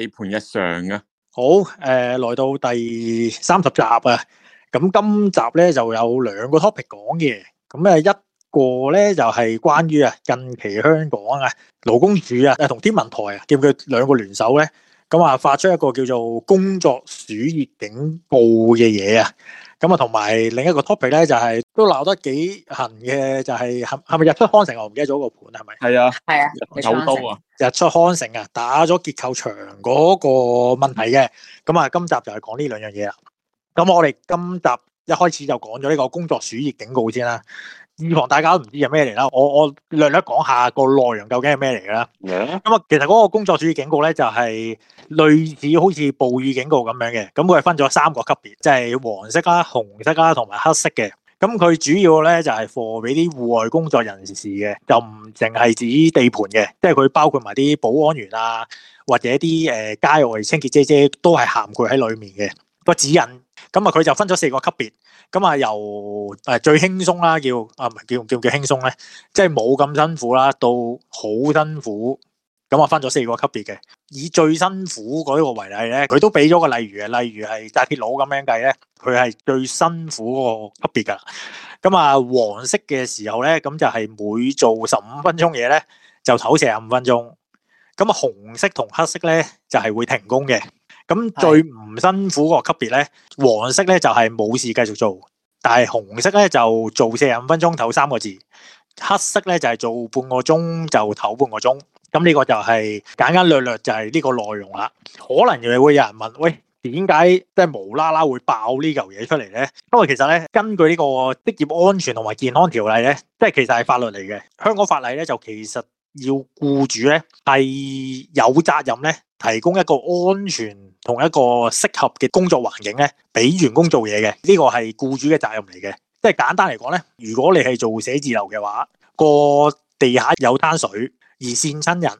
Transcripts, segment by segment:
地盤日常啊，好，誒、呃、來到第三十集啊，咁今集咧就有兩個 topic 講嘅，咁啊一個咧就係、是、關於啊近期香港啊勞工處啊同天文台啊叫佢兩個聯手咧，咁啊發出一個叫做工作暑熱警告嘅嘢啊。咁啊，同埋另一個 topic 咧，就係都鬧得幾狠嘅，就係係係咪日出康城？我唔記得咗個盤係咪？係啊，係啊，首都啊，日出康城啊，打咗結構牆嗰個問題嘅。咁啊，今集就係講呢兩樣嘢啦。咁我哋今集一開始就講咗呢個工作暑熱警告先啦。預防大家都唔知係咩嚟啦，我我略略講下個內容究竟係咩嚟嘅啦。咁、嗯、啊，其實嗰個工作暑熱警告咧就係類似好似暴雨警告咁樣嘅，咁佢係分咗三個級別，即係黃色啦、紅色啦同埋黑色嘅。咁佢主要咧就係 for 俾啲戶外工作人士嘅，又唔淨係指地盤嘅，即係佢包括埋啲保安員啊，或者啲誒街外清潔姐姐都係涵蓋喺裡面嘅個指引。咁啊，佢就分咗四個級別。咁啊，由誒最輕鬆啦，叫啊唔叫叫叫輕鬆咧，即係冇咁辛苦啦，到好辛苦。咁啊，分咗四個級別嘅，以最辛苦嗰一個為例咧，佢都俾咗個例如啊，例如係紮鐵佬咁樣計咧，佢係最辛苦嗰個級別噶。咁啊，黃色嘅時候咧，咁就係每做十五分鐘嘢咧，就唞四十五分鐘。咁啊，紅色同黑色咧，就係會停工嘅。咁最唔辛苦個級別咧，黃色咧就係冇事繼續做，但係紅色咧就做四十五分鐘唞三個字，黑色咧就係做半個鐘就唞半個鐘。咁呢個就係簡簡單單就係呢個內容啦。可能又會有人問，喂點解即係無啦啦會爆呢嚿嘢出嚟咧？因為其實咧根據呢個職業安全同埋健康條例咧，即係其實係法律嚟嘅。香港法例咧就其實。要僱主咧係有責任咧，提供一個安全同一個適合嘅工作環境咧，俾員工做嘢嘅，呢個係僱主嘅責任嚟嘅。即係簡單嚟講咧，如果你係做寫字樓嘅話，個地下有攤水而跣親人，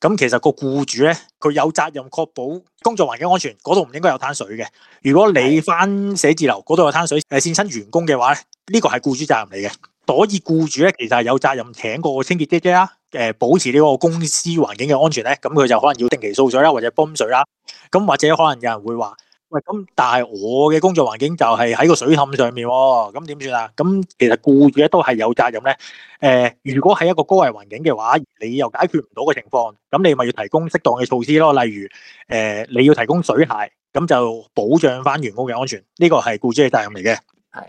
咁其實個僱主咧，佢有責任確保工作環境安全，嗰度唔應該有攤水嘅。如果你返寫字樓嗰度有攤水，誒跣親員工嘅話咧，呢個係僱主責任嚟嘅。所以雇主咧，其實係有責任請個清潔姐姐啦，誒保持呢個公司環境嘅安全咧，咁佢就可能要定期掃水啦，或者泵水啦。咁或者可能有人會話，喂，咁但係我嘅工作環境就係喺個水凼上面，咁點算啊？咁其實雇主咧都係有責任咧。誒、呃，如果係一個高危環境嘅話，你又解決唔到嘅情況，咁你咪要提供適當嘅措施咯。例如，誒、呃、你要提供水鞋，咁就保障翻員工嘅安全。呢個係雇主嘅責任嚟嘅。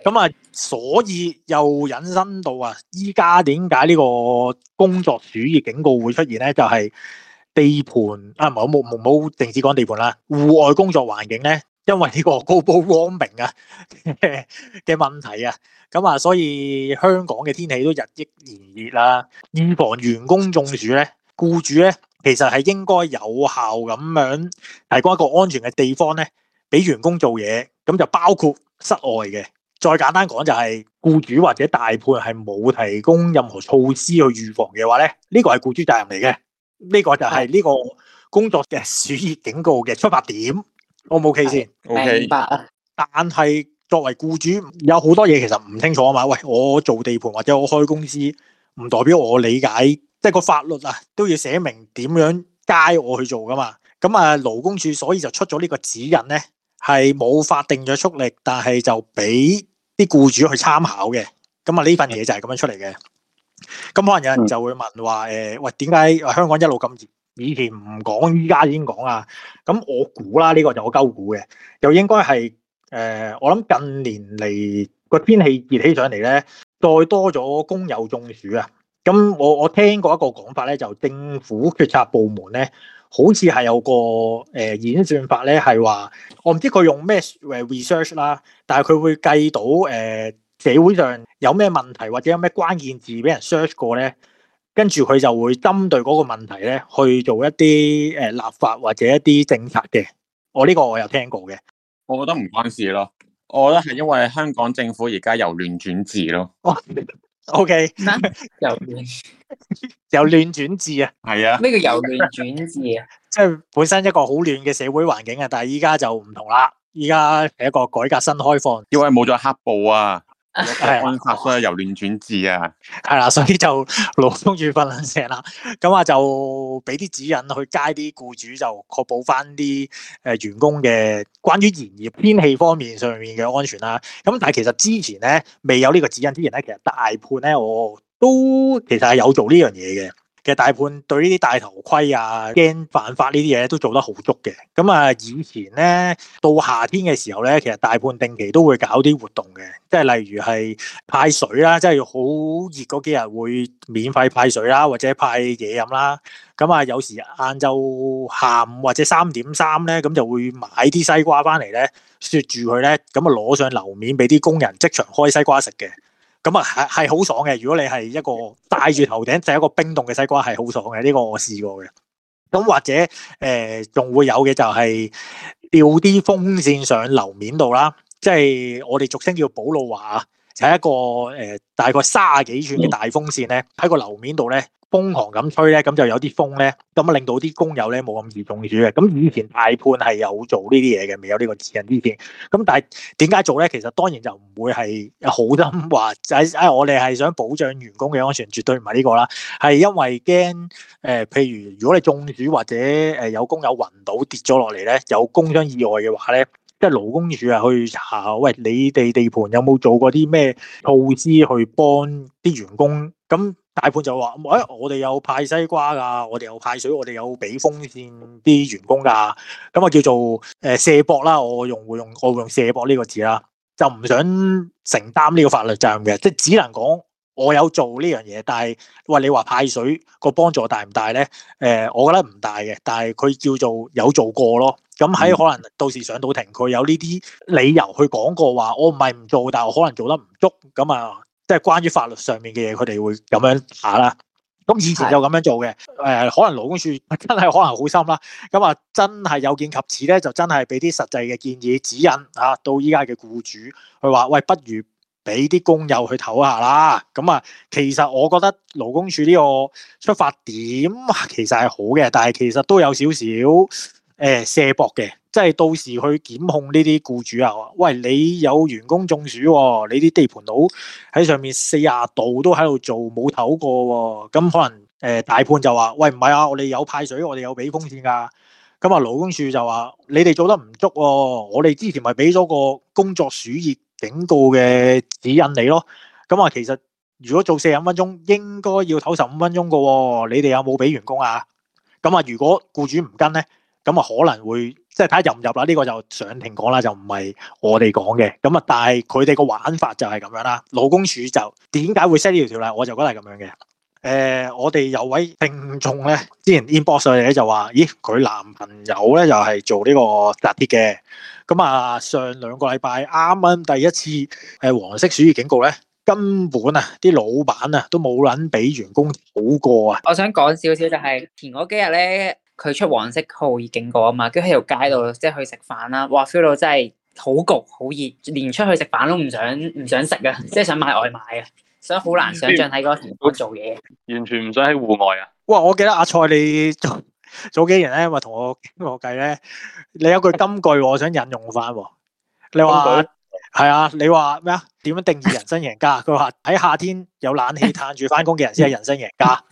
咁、嗯、啊，所以又引申到啊，依家點解呢個工作暑熱警告會出現咧？就係、是、地盤啊，唔係我冇冇定止講地盤啦。戶外工作環境咧，因為呢個 global warming 啊嘅 問題啊，咁啊，所以香港嘅天氣都日益炎熱啦。預防員工中暑咧，僱主咧其實係應該有效咁樣提供一個安全嘅地方咧，俾員工做嘢，咁就包括室外嘅。再簡單講就係僱主或者大判係冇提供任何措施去預防嘅話咧，呢個係僱主責任嚟嘅，呢個就係呢個工作嘅暑熱警告嘅出發點，我冇 ok 先，明白啊。但係作為僱主有好多嘢其實唔清楚啊嘛，喂，我做地盤或者我開公司，唔代表我理解，即係個法律啊都要寫明點樣街我去做噶嘛。咁啊勞工處所以就出咗呢個指引咧。係冇法定嘅促力，但係就俾啲僱主去參考嘅。咁啊，呢份嘢就係咁樣出嚟嘅。咁可能有人就會問話，誒，喂，點解香港一路咁熱？以前唔講，依家已經講啊。咁我估啦，呢個就我鳩估嘅，又應該係誒，我諗近年嚟個天氣熱起上嚟咧，再多咗工友中暑啊。咁我我聽過一個講法咧，就政府決策部門咧。好似係有個誒、呃、演算法咧，係話我唔知佢用咩誒 research 啦，但係佢會計到誒、呃、社會上有咩問題或者有咩關鍵字俾人 search 過咧，跟住佢就會針對嗰個問題咧去做一啲誒、呃、立法或者一啲政策嘅。我呢、這個我有聽過嘅，我覺得唔關事咯。我覺得係因為香港政府而家由亂轉治咯、哦。O、okay. K， 由亂由亂轉治啊，係啊，咩叫由亂轉治啊？即 係本身一個好亂嘅社會環境啊，但係依家就唔同啦，依家係一個改革新開放。因為冇咗黑暴啊！係，所以由亂轉治啊，係啦，所以就勞工處瞓訓醒啦，咁啊就俾啲指引去街啲僱主，就確保翻啲誒員工嘅關於行業天氣方面上面嘅安全啦。咁但係其實之前咧未有呢個指引之前咧，其實大判咧我都其實係有做呢樣嘢嘅。嘅大判對呢啲大頭盔啊、驚犯法呢啲嘢都做得好足嘅。咁啊，以前咧到夏天嘅時候咧，其實大判定期都會搞啲活動嘅，即係例如係派水啦，即係好熱嗰幾日會免費派水啦，或者派嘢飲啦。咁啊，有時晏晝下午或者三點三咧，咁就會買啲西瓜翻嚟咧，雪住佢咧，咁啊攞上樓面俾啲工人即場開西瓜食嘅。咁啊，係係好爽嘅。如果你係一個戴住頭頂，就係一個冰凍嘅西瓜，係好爽嘅。呢、這個我試過嘅。咁或者誒仲、呃、會有嘅就係掉啲風扇上樓面度啦，即、就、係、是、我哋俗稱叫保路華就係、是、一個誒、呃、大概卅幾寸嘅大風扇咧，喺個樓面度咧。瘋狂咁吹咧，咁就有啲風咧，咁啊令到啲工友咧冇咁易中暑嘅。咁以前大判係有做呢啲嘢嘅，未有呢個指引之前。咁但係點解做咧？其實當然就唔會係好得咁話，就係我哋係想保障員工嘅安全，絕對唔係呢個啦。係因為驚誒、呃，譬如如果你中暑或者誒有工友暈倒跌咗落嚟咧，有工傷意外嘅話咧，即係勞工署啊去查，喂，你哋地盤有冇做過啲咩措施去幫啲員工咁。大判就話：誒、哎，我哋有派西瓜㗎，我哋有派水，我哋有俾風扇啲員工㗎，咁啊叫做誒卸、呃、膊啦，我用會用，我用卸膊呢個字啦，就唔想承擔呢個法律責任嘅，即係只能講我有做呢樣嘢，但係喂、呃，你話派水個幫助大唔大咧、呃？我覺得唔大嘅，但係佢叫做有做過咯。咁喺可能到時上到庭，佢有呢啲理由去講過話，我唔係唔做，但我可能做得唔足，咁啊。即係關於法律上面嘅嘢，佢哋會咁樣打啦。咁以前就咁樣做嘅。誒、呃，可能勞工處真係可能好深啦。咁啊，真係有見及此咧，就真係俾啲實際嘅建議指引啊，到依家嘅僱主，去話喂，不如俾啲工友去唞下啦。咁啊，其實我覺得勞工處呢個出發點其實係好嘅，但係其實都有少少誒卸膊嘅。即係到時去檢控呢啲僱主啊，喂，你有員工中暑，你啲地盤佬喺上面四啊度都喺度做冇唞過，咁可能誒大判就話，喂，唔係啊，我哋有派水，我哋有俾風扇㗎，咁啊勞工處就話，你哋做得唔足喎，我哋之前咪俾咗個工作暑熱警告嘅指引你咯，咁啊其實如果做四十五分鐘應該要唞十五分鐘嘅，你哋有冇俾員工啊？咁啊如果僱主唔跟咧，咁啊可能會。即係睇入唔入啦，呢個就上庭講啦，就唔係我哋講嘅咁啊。但係佢哋個玩法就係咁樣啦。勞工署就點解會 set 呢條條例？我就覺得係咁樣嘅。誒，我哋有位聽眾咧，之前 inbox 上嚟咧就話：咦，佢男朋友咧又係做呢個紮鐵嘅。咁啊，上兩個禮拜啱啱第一次誒黃色暑熱警告咧，根本啊啲老闆啊都冇撚俾員工好過啊。我想講少少就係前嗰幾日咧。佢出黃色酷熱警告啊嘛，跟住喺條街度即係去食飯啦，哇 feel 到真係好焗好熱，連出去食飯都唔想唔想食啊，即係想買外賣啊，所以好難想象喺嗰條街做嘢，完全唔想喺戶外啊！哇，我記得阿蔡你早幾日咧，咪同我傾過計咧，你有句金句，我想引用翻喎，你話。係啊，你話咩啊？點樣定義人生贏家？佢話喺夏天有冷氣嘆住翻工嘅人先係人生贏家。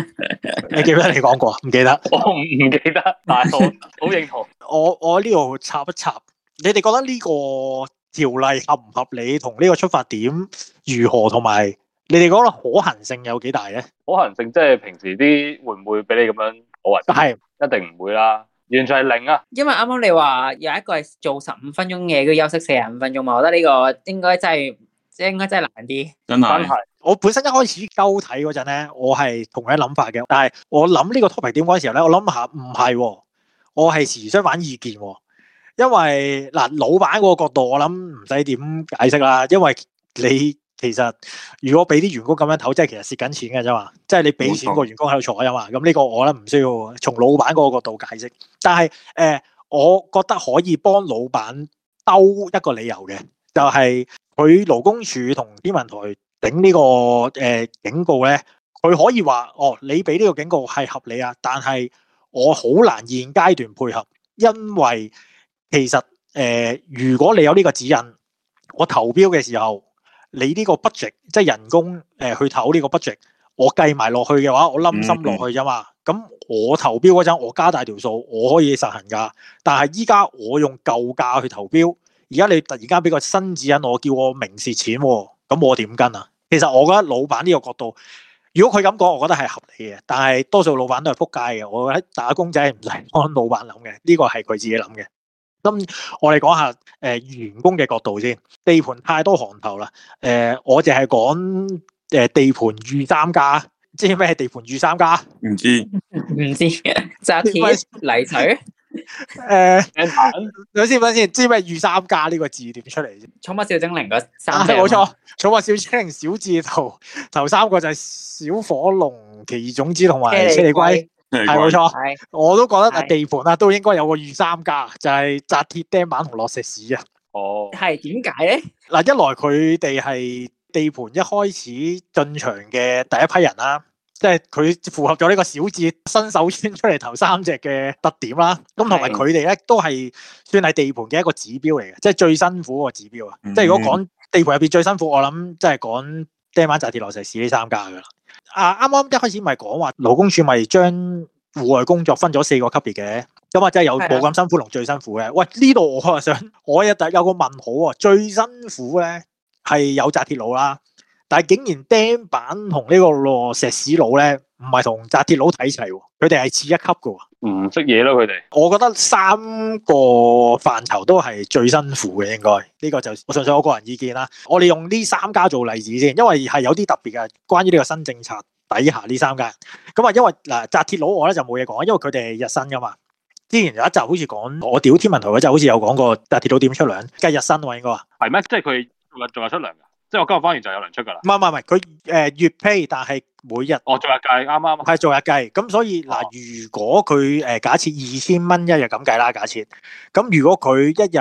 你記唔記得你講過？唔記得？我唔記得，但係我好認同。 我我喺呢度插一插，你哋覺得呢個條例合唔合理？同呢個出發點如何？同埋你哋覺得可行性有幾大咧？可行性即係平時啲會唔會俾你咁樣破但係，一定唔會啦。完全係零啊！因為啱啱你話有一個係做十五分鐘嘢，佢休息四十五分鐘嘛，我覺得呢個應該真係即係應該真係難啲。真係，我本身一開始夠睇嗰陣咧，我係同一諗法嘅。但係我諗呢個 topic 點嗰時候咧，我諗下唔係，我係持相反意見的。因為嗱，老闆嗰個角度，我諗唔使點解釋啦，因為你。其實如果俾啲員工咁樣唞，即係其實蝕緊錢嘅啫嘛，即係你俾錢個員工喺度坐啊嘛。咁呢個我咧唔需要從老闆嗰個角度解釋，但係誒、呃，我覺得可以幫老闆兜一個理由嘅，就係、是、佢勞工處同天文台頂呢個誒、呃、警告咧，佢可以話哦，你俾呢個警告係合理啊，但係我好難現階段配合，因為其實誒、呃，如果你有呢個指引，我投標嘅時候。你呢個 budget 即係人工誒去投呢個 budget，我計埋落去嘅話，我冧心落去啫嘛。咁我投標嗰陣，我加大條數，我可以實行㗎。但係依家我用舊價去投標，而家你突然間俾個新指引我，叫我明蝕錢，咁我點跟啊？其實我覺得老闆呢個角度，如果佢咁講，我覺得係合理嘅。但係多數老闆都係撲街嘅。我覺得打工仔唔係幫老闆諗嘅，呢、這個係佢自己諗嘅。咁、嗯、我哋講下誒、呃、員工嘅角度先，地盤太多行頭啦。誒、呃，我淨係講誒地盤御三家，知唔知咩係地盤御三家？唔知道，唔知嘅，紮鐵、泥水。誒、呃，等先，先，知唔知咩御三家呢個字點出嚟？《寵物小精靈》嗰、啊、三，冇錯，《寵物小精靈》小字頭頭三個就係小火龍、奇異種子同埋車厘龜。係冇錯，係我都覺得啊，地盤啊都應該有個預三家，是就係紮鐵釘板同落石屎啊。哦是，係點解咧？嗱，一來佢哋係地盤一開始進場嘅第一批人啦，即係佢符合咗呢個小智新手村出嚟頭三隻嘅特點啦。咁同埋佢哋咧都係算係地盤嘅一個指標嚟嘅，即、就、係、是、最辛苦個指標啊、嗯。即係如果講地盤入邊最辛苦，我諗即係講。釘板紮鐵落石屎呢三家噶啦，啊，啱啱一開始咪講話勞工處咪將戶外工作分咗四個級別嘅，咁啊，即係有冇咁辛苦同最辛苦嘅，喂，呢度我想我一但有個問號啊，最辛苦咧係有紮鐵佬啦，但係竟然釘板同呢個落石屎佬咧唔係同紮鐵佬睇齊，佢哋係似一級噶。唔識嘢囉。佢哋，我覺得三個範疇都係最辛苦嘅，應該呢個就我純粹我個人意見啦。我哋用呢三家做例子先，因為係有啲特別嘅，關於呢個新政策底下呢三家。咁啊，因為嗱，紮鐵佬我咧就冇嘢講，因為佢哋日薪噶嘛。之前有一集好似講我屌天文台嗰集好似有講過紮鐵佬點出糧，即係日薪啊，應該係咩？即係佢仲有出糧即係我今日返完就有人出㗎啦。唔係唔係唔係，佢誒、呃、月 pay，但係每日。我做日計啱啱。係做日計，咁所以嗱、呃哦，如果佢誒假設二千蚊一日咁計啦，假設咁如果佢一日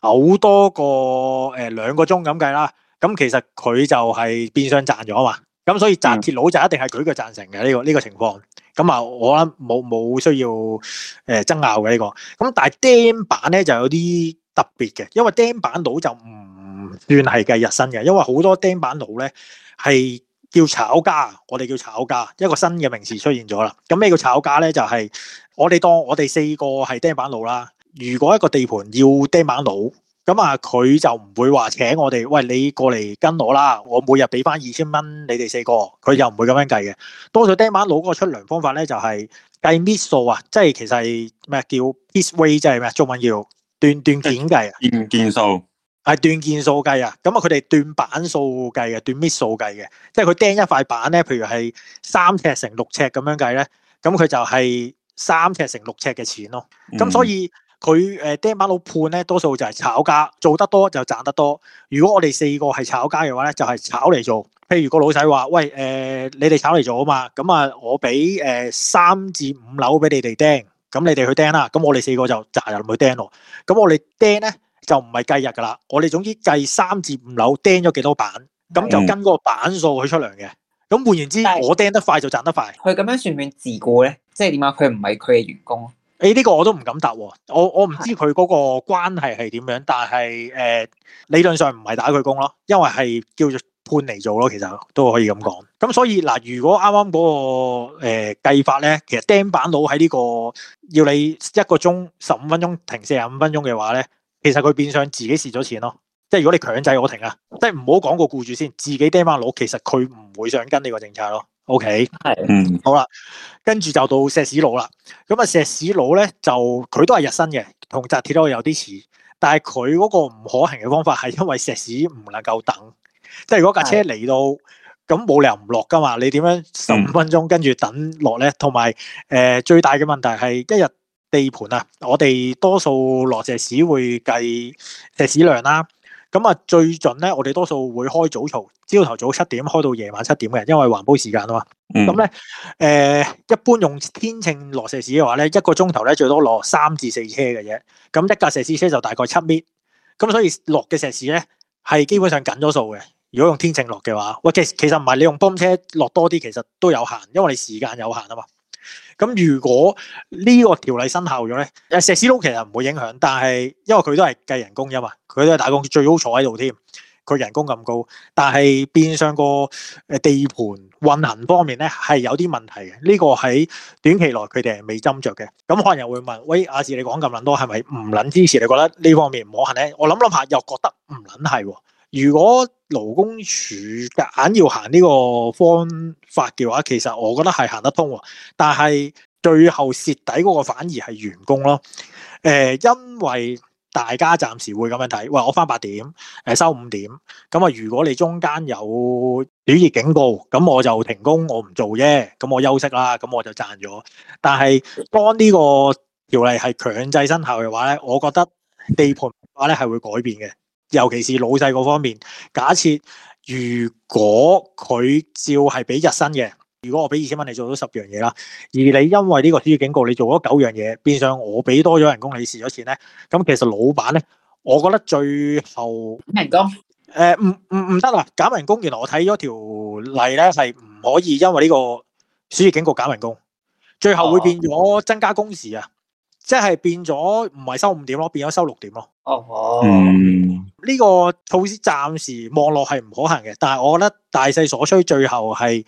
嘔多個誒、呃、兩個鐘咁計啦，咁其實佢就係變相賺咗啊嘛。咁、嗯、所以紮鐵佬就一定係舉腳贊成嘅呢、這個呢、這個情況。咁啊，我冇冇需要誒、呃、爭拗嘅呢、這個。咁但係釘板咧就有啲特別嘅，因為釘板佬就唔。算係計日薪嘅，因為好多釘板佬咧係叫炒家，我哋叫炒家，一個新嘅名詞出現咗啦。咁咩叫炒家咧？就係我哋當我哋四個係釘板佬啦。如果一個地盤要釘板佬，咁啊佢就唔會話請我哋，喂，你過嚟跟我啦，我每日俾翻二千蚊你哋四個，佢又唔會咁樣計嘅。多數釘板佬嗰個出糧方法咧就係計 miss 數啊，即係其實咩叫 miss way，即係咩？中文叫斷斷件計啊，件件數。係斷件數計啊，咁啊佢哋斷板數計嘅，斷咩數計嘅，即係佢釘一塊板咧，譬如係三尺乘六尺咁樣計咧，咁佢就係三尺乘六尺嘅錢咯。咁、嗯、所以佢誒釘板佬判咧，多數就係炒家做得多就賺得多。如果我哋四個係炒家嘅話咧，就係、是、炒嚟做。譬如個老細話，喂誒、呃，你哋炒嚟做啊嘛，咁啊我俾誒三至五樓俾你哋釘，咁你哋去釘啦，咁我哋四個就砸入去釘咯。咁我哋釘咧。就唔係計日噶啦，我哋總之計三至五樓釘咗幾多板，咁就跟個板數去出糧嘅。咁換言之，我釘得快就賺得快。佢咁樣算唔算自雇咧？即係點啊？佢唔係佢嘅員工。誒、欸，呢、這個我都唔敢答。我我唔知佢嗰個關係係點樣，但係誒、呃，理論上唔係打佢工咯，因為係叫做判嚟做咯，其實都可以咁講。咁所以嗱、呃，如果啱啱嗰個誒計、呃、法咧，其實釘板佬喺呢個要你一個鐘十五分鐘停四十五分鐘嘅話咧。其實佢變相自己蝕咗錢咯，即係如果你強制我停啊，即係唔好講個僱主先，自己 d e 佬其實佢唔會想跟呢個政策咯。OK，係，嗯，嗯，好啦，跟住就到石屎佬啦。咁啊，石屎佬咧，就佢都係日薪嘅，同紮鐵都有啲似，但係佢嗰個唔可行嘅方法係因為石屎唔能夠等，即係如果架車嚟到咁冇理由唔落噶嘛，你點樣十五分鐘跟住等落咧？同埋誒最大嘅問題係一日地盤啊！我哋多數落石屎會計石屎量啦。咁啊，最盡咧，我哋多數會開早嘈，朝頭早七點開到夜晚七點嘅，因為環保時間啊嘛。咁、嗯、咧，誒、呃、一般用天秤落石屎嘅話咧，一個鐘頭咧最多落三至四車嘅啫。咁一架石屎車就大概七米。咁所以落嘅石屎咧係基本上緊咗數嘅。如果用天秤落嘅話，喂，其其實唔係你用泵車落多啲，其實都有限，因為你時間有限啊嘛。咁如果呢個條例生效咗咧，誒，石屎佬其實唔會影響，但係因為佢都係計人工啫嘛，佢都係打工，最好坐喺度添，佢人工咁高。但係變相個誒地盤運行方面咧係有啲問題嘅，呢、這個喺短期內佢哋係未斟酌嘅。咁可能又會問，喂亞治，你講咁撚多係咪唔撚支持你？你覺得呢方面唔可行咧？我諗諗下又覺得唔撚係喎。如果勞工處硬要行呢個方法嘅話，其實我覺得係行得通。但係最後蝕底嗰個反而係員工咯。誒、呃，因為大家暫時會咁樣睇，喂，我返八點，誒、呃，收五點。咁啊，如果你中間有暑熱警告，咁我就停工，我唔做啫，咁我休息啦，咁我就賺咗。但係當呢個條例係強制生效嘅話咧，我覺得地盤嘅話咧係會改變嘅。尤其是老細嗰方面，假設如果佢照係俾日薪嘅。如果我俾二千蚊你做咗十樣嘢啦，而你因為呢個暑熱警告，你做咗九樣嘢，變相我俾多咗人工，你蝕咗錢咧，咁其實老闆咧，我覺得最後減人工，誒，唔唔唔得啦，減人工，原來我睇咗條例咧係唔可以，因為呢個暑熱警告減人工，最後會變咗增加工時啊。哦即係變咗唔係收五點咯，變咗收六點咯。哦，呢個措施暫時望落係唔可行嘅，但係我覺得大勢所需，最後係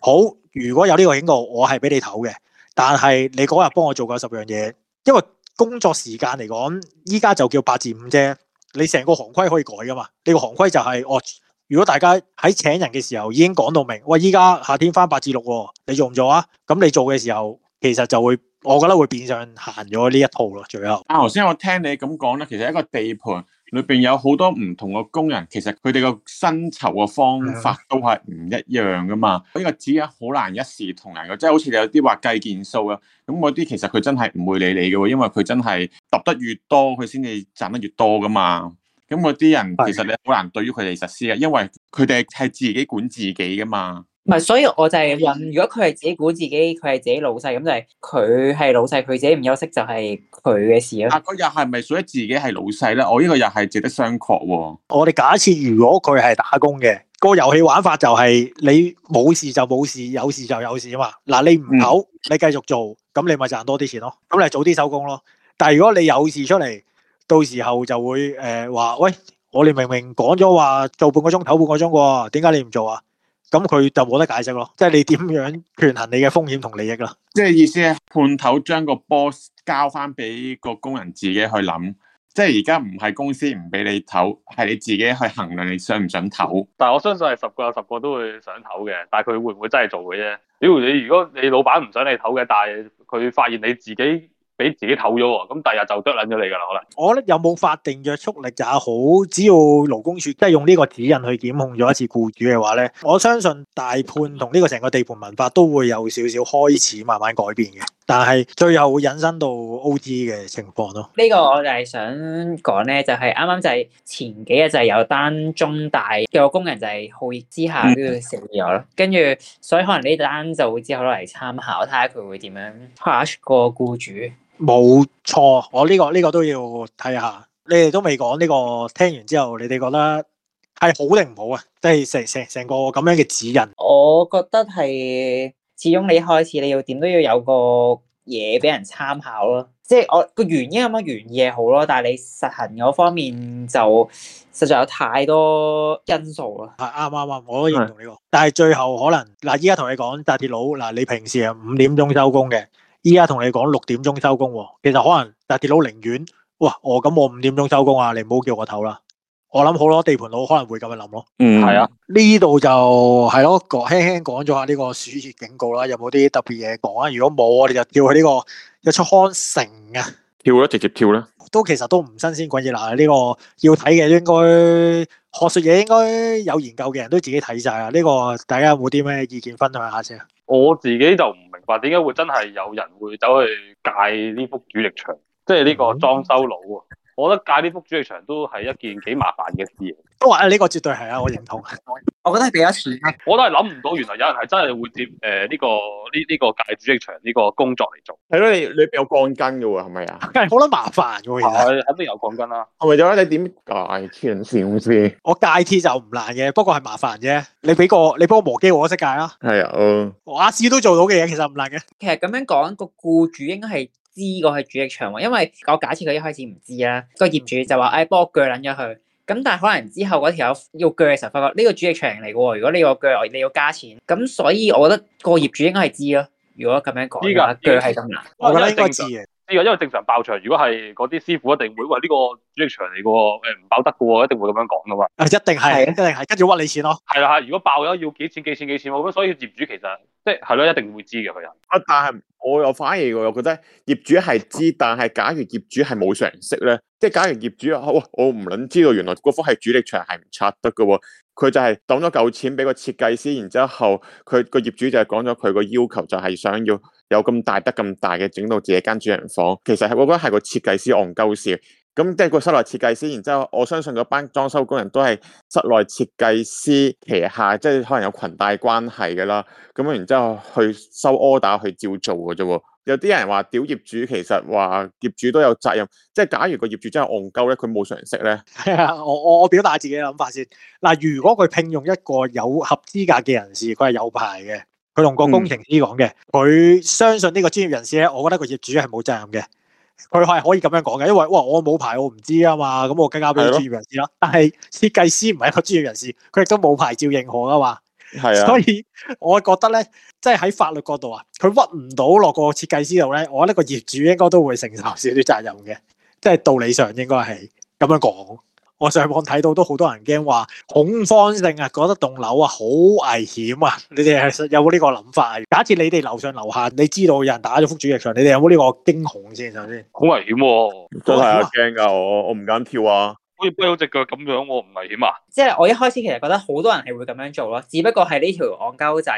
好。如果有呢個警告，我係俾你唞嘅。但係你嗰日幫我做過十樣嘢，因為工作時間嚟講，依家就叫八至五啫。你成個行規可以改噶嘛。呢個行規就係、是，如果大家喺請人嘅時候已經講到明，喂，依家夏天返八至六喎，你做唔做啊。咁你做嘅時候，其實就會。我覺得會變相行咗呢一套咯，最後。啊，頭先我聽你咁講咧，其實一個地盤裏邊有好多唔同嘅工人，其實佢哋個薪酬嘅方法都係唔一樣噶嘛。呢、嗯這個只係好難一視同仁嘅，即係好似有啲話計件數啊，咁嗰啲其實佢真係唔會理你嘅，因為佢真係揼得越多，佢先至賺得越多噶嘛。咁嗰啲人其實你好難對於佢哋實施啊，因為佢哋係自己管自己噶嘛。唔係，所以我就係問：如果佢係自己估自己，佢係自己老細咁，就係佢係老細，佢自己唔休息就係佢嘅事咯。啊，嗰日係咪屬於自己係老細咧？我呢個又係值得商榷喎。我哋假設如果佢係打工嘅，個遊戲玩法就係你冇事就冇事，有事就有事啊嘛。嗱，你唔唞、嗯，你繼續做，咁你咪賺多啲錢咯。咁你就早啲收工咯。但係如果你有事出嚟，到時候就會誒話、呃：喂，我哋明明講咗話做半個鐘唞半個鐘喎、啊，點解你唔做啊？咁佢就冇得解釋咯，即係你點樣權衡你嘅風險同利益喇？即係意思咧，判頭將個波交翻俾個工人自己去諗，即係而家唔係公司唔俾你唞，係你自己去衡量你想唔想唞。但係我相信係十個有十個都會想唞嘅，但係佢會唔會真係做嘅啫？你如果你老闆唔想你唞嘅，但係佢發現你自己。俾自己唞咗喎，咁第日就得撚咗你噶啦，可能。我咧有冇法定約束力也好，只要勞工處即係用呢個指引去檢控咗一次僱主嘅話咧，我相信大判同呢個成個地盤文化都會有少少開始慢慢改變嘅。但係最後會引申到 OT 嘅情況咯。呢個我就係想講咧，就係啱啱就係前幾日就係有單中大嘅工人就係好熱之下都要食藥咯。跟住所以可能呢單就會之後攞嚟參考，睇下佢會點樣 charge 個僱主。冇錯，我呢個呢個都要睇下。你哋都未講呢個，聽完之後你哋覺得係好定唔好啊？即係成成成個咁樣嘅指引。我覺得係。始終你開始你要點都要有個嘢俾人參考咯，即係我個原因咁樣原意係好咯，但係你實行嗰方面就實在有太多因素咯。係啱啱啱，我都認同你、呢個、但係最後可能嗱，依家，同你講，大鐵佬嗱，你平時係五點鐘收工嘅，依家同你講六點鐘收工，其實可能大鐵佬寧願哇，我咁我五點鐘收工啊，你唔好叫我唞啦。我諗好咯，地盤佬可能會咁樣諗咯。嗯，係啊，呢、嗯、度就係咯，講輕輕講咗下呢個暑熱警告啦，有冇啲特別嘢講啊？如果冇，我哋就跳去呢、這個日出康城啊，跳啦，直接跳啦。都其實都唔新鮮滾熱啦、這、呢個要睇嘅應該學術嘢，應該有研究嘅人都自己睇晒啊，呢個大家有冇啲咩意見分享下先啊？我自己就唔明白點解會真係有人會走去界呢幅主力牆，即係呢個裝修佬啊。嗯嗯我覺得戒呢幅主力牆都係一件幾麻煩嘅事，都話誒呢個絕對係啊，我認同。我覺得係比一次。我都係諗唔到，原來有人係真係會接誒呢、呃這個呢呢介主力牆呢個工作嚟做。係咯，你你有鋼筋嘅喎，係咪啊？係好撚麻煩嘅喎，肯定有鋼筋啦。係咪你點戒鐵線先？我介鐵就唔難嘅，不過係麻煩啫。你俾個你幫我磨機、呃，我識戒啦。係啊，我阿師都做到嘅，其實唔難嘅。其實咁樣講，個僱主應該係。知個係主力牆喎，因為我假設佢一開始唔知啦，個、嗯、業主就話，哎，幫我鋸撚咗佢。咁但係可能之後嗰條友要鋸嘅時候，發覺呢個主力牆嚟嘅喎，如果你要鋸，你要加錢。咁所以，我覺得個業主應該係知咯。如果咁樣講嘅話，鋸係咁難，我覺得應該知呢個因為正常爆牆，如果係嗰啲師傅一定會話呢個主力牆嚟嘅喎，誒唔爆得嘅一定會咁樣講嘅嘛。啊，一定係，一定係，跟住屈你錢咯。係啦，如果爆咗要幾錢幾錢幾錢喎，我覺得所以業主其實即係咯，一定會知嘅佢啊。啊，但係我又反而我覺得業主係知，但係假如業主係冇常識咧，即係假如業主啊，我唔撚知道原來嗰幅係主力牆係唔拆得嘅喎，佢就係擋咗嚿錢俾個設計師，然之後佢個業主就係講咗佢個要求就係想要。有咁大得咁大嘅，整到自己間主人房，其實係我覺得係個設計師戇鳩事，咁即係個室內設計師，然之後我相信嗰班裝修工人都係室內設計師旗下，即係可能有裙帶關係㗎啦，咁然之後去收 order 去照做㗎啫。有啲人話屌業主，其實話業主都有責任，即係假如個業主真係戇鳩咧，佢冇常識咧。係 啊，我我我表達自己嘅諗法先。嗱，如果佢聘用一個有合資格嘅人士，佢係有牌嘅。佢同個工程師講嘅，佢相信呢個專業人士咧，我覺得個業主係冇責任嘅，佢係可以咁樣講嘅，因為哇，我冇牌，我唔知啊嘛，咁我更加俾個專業人士咯。但係設計師唔係一個專業人士，佢亦都冇牌照認可啊嘛，所以我覺得咧，即係喺法律角度啊，佢屈唔到落個設計師度咧，我覺得個業主應該都會承受少少責任嘅，即係道理上應該係咁樣講。我上網睇到都好多人驚話恐慌性啊，覺得棟樓啊好危險啊。你哋係有冇呢個諗法？假設你哋樓上樓下，你知道有人打咗幅主力牆，你哋有冇呢個驚恐先？首先，好危險，啊，都係驚噶，我我唔敢跳啊。好似跛咗隻腳咁樣，我唔危險啊。即係我一開始其實覺得好多人係會咁樣做咯，只不過係呢條戇鳩仔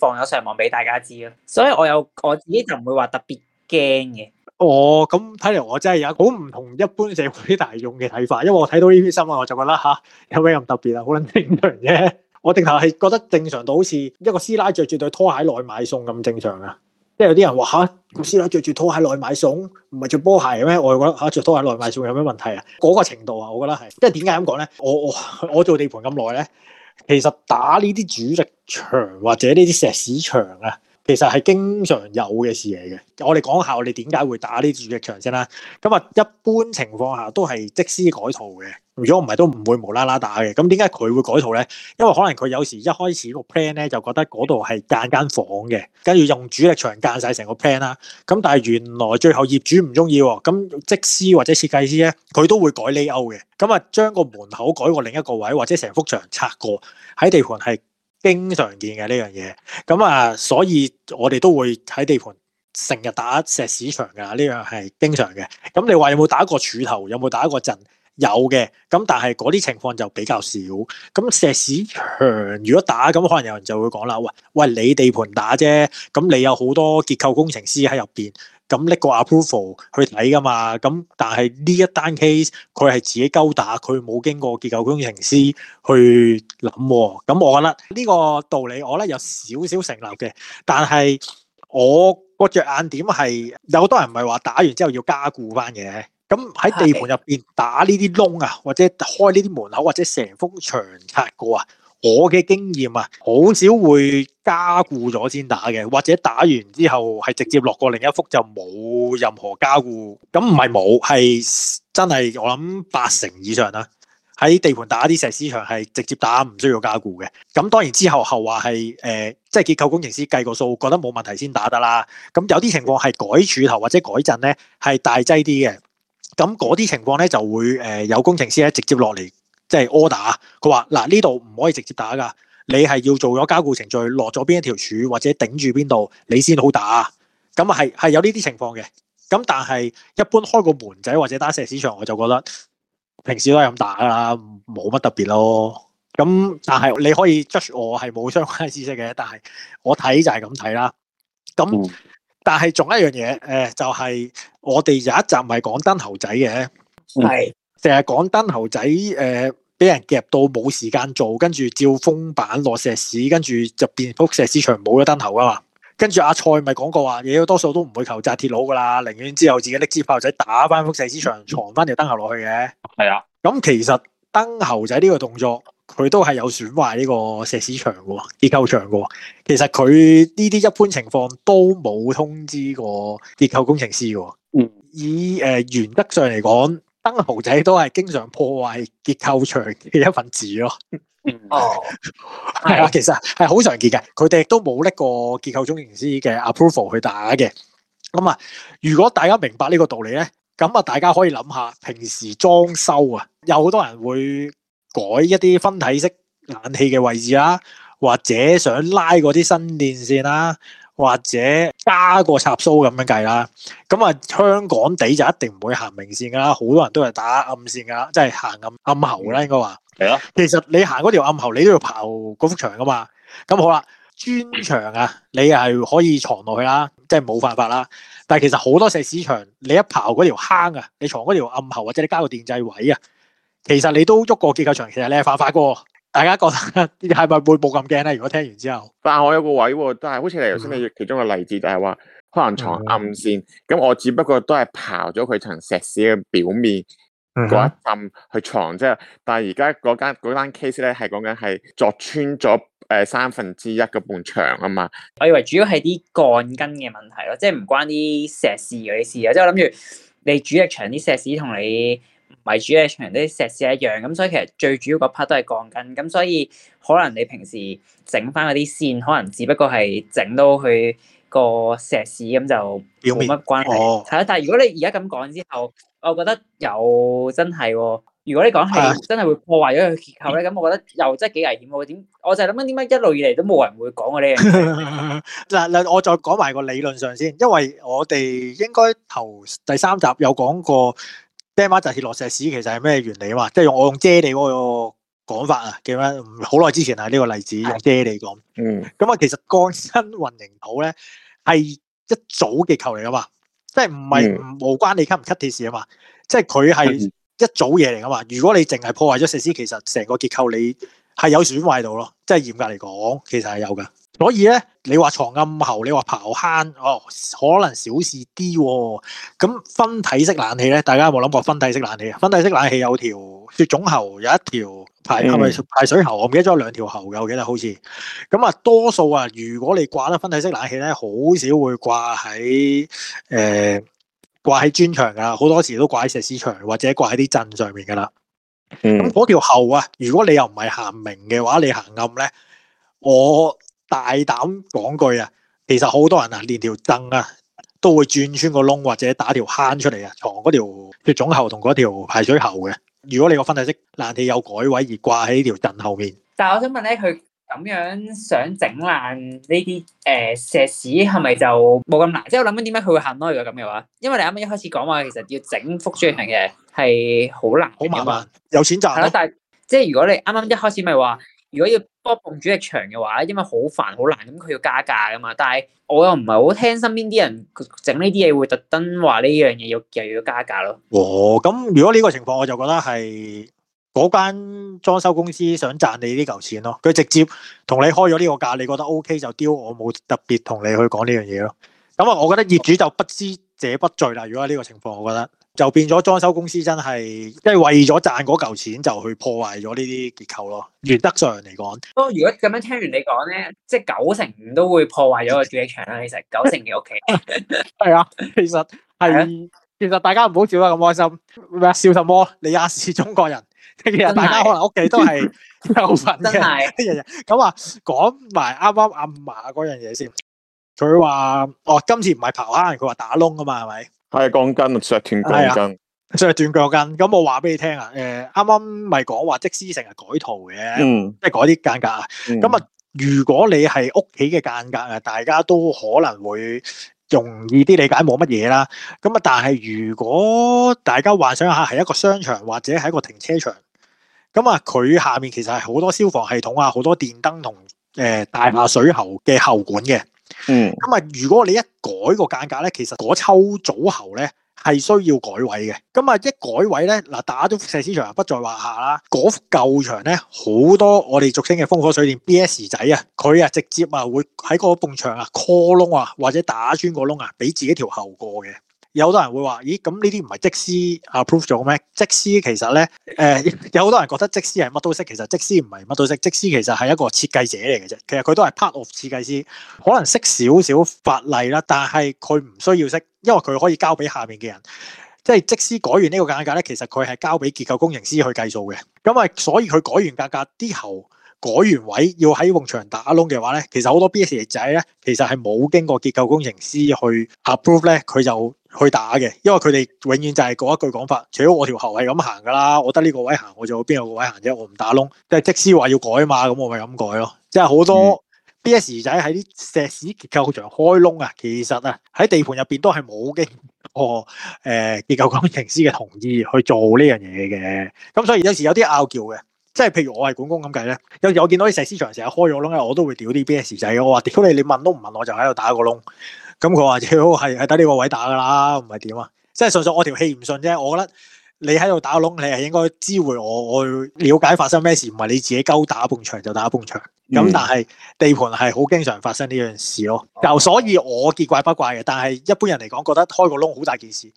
放咗上網俾大家知咯。所以我有我自己就唔會話特別驚嘅。哦，咁睇嚟我真係有好唔同一般社會啲大眾嘅睇法，因為我睇到呢啲新聞，我就覺得吓、啊，有咩咁特別啊？好撚正常啫，我定下係覺得正常到好似一個師奶着住對拖鞋內買餸咁正常啊！即係有啲人話嚇個師奶着住拖鞋內買餸，唔係着波鞋嘅咩，啊那個？我覺得嚇著拖鞋內買餸有咩問題啊？嗰個程度啊，我覺得係，即係點解咁講咧？我我我做地盤咁耐咧，其實打呢啲主力牆或者呢啲石屎牆啊～其實係經常有嘅事嚟嘅，我哋講下我哋點解會打呢啲主力牆先啦。咁啊，一般情況下都係則師改圖嘅，如果唔係都唔會無啦啦打嘅。咁點解佢會改圖咧？因為可能佢有時一開始個 plan 咧就覺得嗰度係間間房嘅，跟住用主力牆間晒成個 plan 啦。咁但係原來最後業主唔中意，咁則師或者設計師咧，佢都會改 layout 嘅。咁啊，將個門口改過另一個位，或者成幅牆拆過，喺地盤係。經常見嘅呢樣嘢，咁啊、嗯，所以我哋都會喺地盤成日打石屎牆噶，呢樣係經常嘅。咁、嗯、你話有冇打過柱頭？有冇打過陣？有嘅。咁但係嗰啲情況就比較少。咁、嗯、石屎牆如果打，咁可能有人就會講啦：，喂喂，你地盤打啫，咁你有好多結構工程師喺入邊。咁拎個 approval 去睇㗎嘛，咁但係呢一單 case 佢係自己勾打，佢冇經過結構工程師去諗，咁我覺得呢個道理我咧有少少成立嘅，但係我個着眼點係有好多人唔係話打完之後要加固翻嘅，咁喺地盤入面打呢啲窿啊，或者開呢啲門口，或者成幅牆拆過啊。我嘅經驗啊，好少會加固咗先打嘅，或者打完之後係直接落過另一幅就冇任何加固。咁唔係冇，係真係我諗八成以上啦。喺地盤打啲石屎牆係直接打，唔需要加固嘅。咁當然之後後話係誒即係結構工程師計個數，覺得冇問題先打得啦。咁有啲情況係改柱頭或者改陣咧，係大劑啲嘅。咁嗰啲情況咧就會誒有工程師咧直接落嚟。即係 order，佢話，嗱，呢度唔可以直接打㗎，你係要做咗加固程序，落咗邊一條柱或者頂住邊度，你先好打。咁係係有呢啲情況嘅。咁但係一般開個門仔或者打石屎牆，我就覺得平時都係咁打㗎啦，冇乜特別咯。咁但係你可以 judge 我係冇相關知識嘅，但係我睇就係咁睇啦。咁但係仲有一樣嘢，誒就係、是、我哋有一集唔係講燈喉仔嘅，係成日講燈喉仔誒。呃俾人夾到冇時間做，跟住照封板落石屎，跟住就變幅石屎牆冇咗燈喉噶嘛？跟住阿蔡咪講過話，嘢多數都唔會求紮鐵佬噶啦，寧願之後自己拎支炮仔打翻幅石屎牆，藏翻條燈喉落去嘅。係啊，咁其實燈喉仔呢個動作，佢都係有損壞呢個石屎牆嘅結構牆嘅。其實佢呢啲一般情況都冇通知過結構工程師嘅。嗯，以誒、呃、原則上嚟講。燈豪仔都係經常破壞結構牆嘅一份子咯。哦，係啊，其實係好常見嘅。佢哋都冇搦過結構工程師嘅 approval 去打嘅。咁、嗯、啊，如果大家明白呢個道理咧，咁啊，大家可以諗下平時裝修啊，有好多人會改一啲分體式冷氣嘅位置啊，或者想拉嗰啲新電線啊。或者加個插蘇咁樣計啦，咁啊，香港地就一定唔會行明線噶啦，好多人都係打暗線噶啦，即係行暗暗喉啦，應該話係啊。其實你行嗰條暗喉，你都要刨嗰幅牆噶嘛。咁好啦，磚牆啊，你係可以藏落去啦，即係冇辦法啦。但係其實好多細市場，你一刨嗰條坑啊，你藏嗰條暗喉或者你加個電掣位啊，其實你都喐過結構牆，其實你係犯法噶大家覺得呢啲係咪會冇咁驚咧？如果聽完之後，是是但係我有個位，都係好似你頭先你其中個例子就係話、嗯、可能藏暗線，咁、嗯、我只不過都係刨咗佢層石屎嘅表面嗰一浸去藏啫。但係而家嗰間 case 咧係講緊係鑿穿咗誒、呃、三分之一個半牆啊嘛。我以為主要係啲鋼筋嘅問題咯，即係唔關啲石屎嗰啲事啊。即係我諗住你主力牆啲石屎同你。為主咧，同啲石屎一樣，咁所以其實最主要個 part 都係鋼筋，咁所以可能你平時整翻嗰啲線，可能只不過係整到佢個石屎，咁就冇乜關係。係啦，但係如果你而家咁講之後，我覺得又真係喎。如果你講係真係會破壞咗佢結構咧，咁我覺得又真係幾危險喎。點，我就係諗緊點解一路以嚟都冇人會講過呢？嗱嗱，我再講埋個理論上先，因為我哋應該頭第三集有講過。爹媽紮鐵落石屎，其實係咩原理啊？即係用我用遮地嗰個講法啊，叫咩？好耐之前係呢個例子用遮地講。嗯。咁啊，其實鋼筋混凝土咧係一組結構嚟噶嘛，即係唔係無關你 cut 唔 cut 鐵事啊嘛，即係佢係一組嘢嚟噶嘛。如果你淨係破壞咗石屎，其實成個結構你。係有損壞到咯，即係嚴格嚟講，其實係有嘅。所以咧，你話藏暗喉，你話刨坑，哦，可能小事啲、哦。咁分體式冷氣咧，大家有冇諗過分體式冷氣？分體式冷氣有條雪種喉，有一條排係咪、嗯、排水喉？我唔記得咗兩條喉嘅，我記得好似。咁啊，多數啊，如果你掛得分體式冷氣咧，好少會掛喺誒掛喺磚牆噶，好、呃、多時都掛喺石屎牆或者掛喺啲墻上面噶啦。咁嗰條喉啊，如果你又唔係行明嘅話，你行暗咧，我大膽講句啊，其實好多人條啊，連條凳啊都會轉穿個窿或者打條坑出嚟啊，床嗰條嘅總喉同嗰條排水喉嘅，如果你個分體式冷氣有改位而掛喺條凳後面，但係我想問咧佢。咁樣想整爛呢啲誒石屎，係咪就冇咁難？即係我諗緊點解佢會行耐嘅咁嘅話？因為你啱啱一開始講話，其實要整幅主力牆嘅係好難，好麻煩，有錢賺。係啦，但係即係如果你啱啱一開始咪話，如果要幫業主力牆嘅話，因為好煩好難，咁佢要加價噶嘛。但係我又唔係好聽身邊啲人整呢啲嘢，會特登話呢樣嘢要又要加價咯。哦，咁如果呢個情況，我就覺得係。嗰間裝修公司想賺你呢嚿錢咯，佢直接同你開咗呢個價，你覺得 OK 就丟，我冇特別同你去講呢樣嘢咯。咁啊，我覺得業主就不知者不罪啦。如果係呢個情況，我覺得就變咗裝修公司真係即係為咗賺嗰嚿錢就去破壞咗呢啲結構咯。原則上嚟講，不過，如果咁樣聽完你講咧，即係九成都會破壞咗個主力牆啦。其實九成嘅屋企係啊，其實係啊，其實大家唔好笑得咁開心，笑什麼？你也是中國人。其實大家可能屋企都係有份嘅，咁啊，講埋啱啱阿嫲嗰樣嘢先。佢話哦，今次唔係刨坑，佢話打窿噶嘛，係咪？係鋼筋，即係斷鋼筋，即係斷鋼筋。咁我話俾你聽啊，誒，啱啱咪講話即施成日改圖嘅，即係改啲間隔啊。咁啊，如果你係屋企嘅間隔啊，大家都可能會。容易啲理解冇乜嘢啦，咁啊但係如果大家幻想下係一個商場或者係一個停車場，咁啊佢下面其實係好多消防系統啊，好多電燈同、呃、大廈水喉嘅喉管嘅，嗯，咁、嗯、啊如果你一改個間隔咧，其實嗰抽組喉咧。係需要改位嘅，咁啊一改位咧，嗱打咗射死牆不在話下啦。嗰舊牆咧，好多我哋俗稱嘅風火水電 B S 仔啊，佢啊直接啊會喺個埲牆啊 l 窿啊，或者打穿個窿啊，俾自己條後過嘅。有好多人會話，咦？咁呢啲唔係職師 approve 咗咩？職師其實咧，誒、呃，有好多人覺得職師係乜都識，其實職師唔係乜都識。職師其實係一個設計者嚟嘅啫，其實佢都係 part of 設計師，可能識少少法例啦，但係佢唔需要識，因為佢可以交俾下面嘅人。就是、即係職師改完呢個價格咧，其實佢係交俾結構工程師去計數嘅。咁啊，所以佢改完價格之後，改完位要喺幕牆打窿嘅話咧，其實好多 B S 仔咧，其實係冇經過結構工程師去 approve 咧，佢就。去打嘅，因為佢哋永遠就係嗰一句講法，除咗我條喉係咁行噶啦，我得呢個位行，我就邊有個位行啫，我唔打窿。即係，即使話要改嘛，咁我咪咁改咯。即係好多 B S 仔喺啲石屎結構場開窿啊，嗯、其實啊，喺地盤入邊都係冇經過誒、呃、結構工程師嘅同意去做呢樣嘢嘅。咁所以有時有啲拗撬嘅，即係譬如我係管工咁計咧，有時我見到啲石屎場成日開咗窿咧，我都會屌啲 B S 仔，我話屌你，你問都唔問我就喺度打個窿。咁佢話：要係得呢個位打噶啦，唔係點啊？即係純粹我條氣唔順啫。我覺得你喺度打窿，你係應該知會我。我了解發生咩事，唔係你自己鳩打半場就打半場。咁、嗯、但係地盤係好經常發生呢樣事咯。就、嗯、所以我見怪不怪嘅。但係一般人嚟講，覺得開個窿好大件事，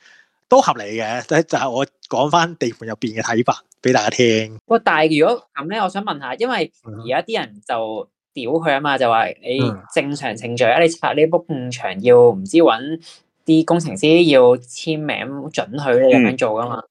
都合理嘅。即就係、是、我講翻地盤入面嘅睇法俾大家聽。哇！但係如果咁咧，我想問下，因為而家啲人就～屌佢啊嘛！就話你正常程序啊、嗯，你拆呢幅主力牆要唔知揾啲工程師要簽名准許你咁樣做噶嘛？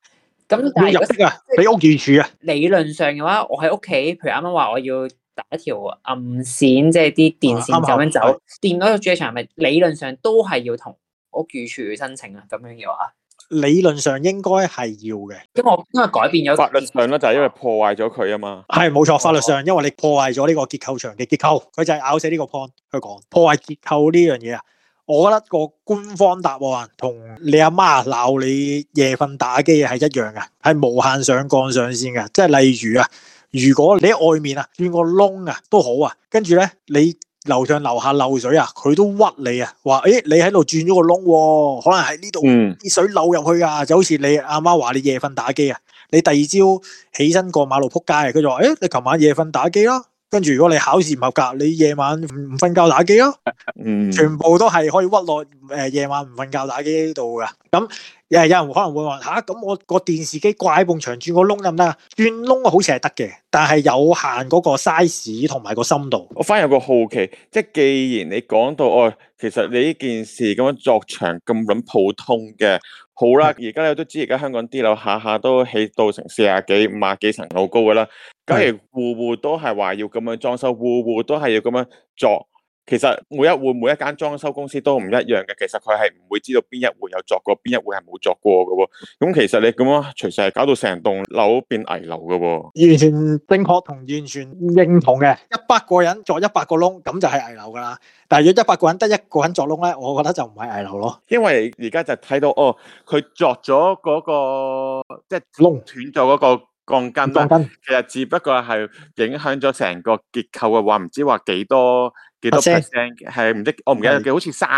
咁但係入息啊，畀屋建處啊？理論上嘅話，我喺屋企，譬如啱啱話我要打一條暗綫，即係啲電綫咁樣走，電腦嘅主力牆係咪理論上都係要同屋建處去申請啊？咁樣嘅話？理論上應該係要嘅，因為因為改變咗法律上啦，就係因為破壞咗佢啊嘛是。係冇錯，法律上因為你破壞咗呢個結構牆嘅結構，佢就係咬死呢個 point 去講破壞結構呢樣嘢啊。我覺得個官方答案同你阿媽鬧你夜瞓打機係一樣嘅，係無限上綱上線嘅，即係例如啊，如果你喺外面啊鑽個窿啊都好啊，跟住咧你。樓上樓下漏水啊，佢都屈你啊，話誒你喺度轉咗個窿，可能喺呢度啲水漏入去啊，就好似你阿媽話你夜瞓打機啊，你第二朝起身過馬路仆街啊，佢就話誒你琴晚夜瞓打機咯，跟住如果你考試唔合格，你夜晚唔瞓覺打機咯，嗯，全部都係可以屈落誒夜晚唔瞓覺打機呢度噶，咁。又係有人可能會話吓，咁、啊、我個電視機掛喺埲牆轉個窿得唔得啊？轉窿好似係得嘅，但係有限嗰個 size 同埋個深度。我反而有個好奇，即係既然你講到哦、哎，其實你呢件事咁樣作牆咁咁普通嘅。好啦，而家咧都知而家香港啲樓下下都起到成四廿幾、五廿幾層樓高噶啦，假如戶戶都係話要咁樣裝修，戶戶都係要咁樣作。其實每一戶，每一間裝修公司都唔一樣嘅，其實佢係唔會知道邊一戶有作過，邊一戶係冇作過嘅喎。咁其實你咁樣，隨時係搞到成棟樓變危樓嘅喎。完全正確同完全認同嘅，一百個人作一百個窿，咁就係危樓噶啦。但係如果一百個人得一個人作窿咧，我覺得就唔係危樓咯。因為而家就睇到哦，佢作咗嗰個即係窿斷咗嗰個鋼筋，其實只不過係影響咗成個結構嘅話，唔知話幾多幾多 percent 係唔知？我唔記得咗，好似三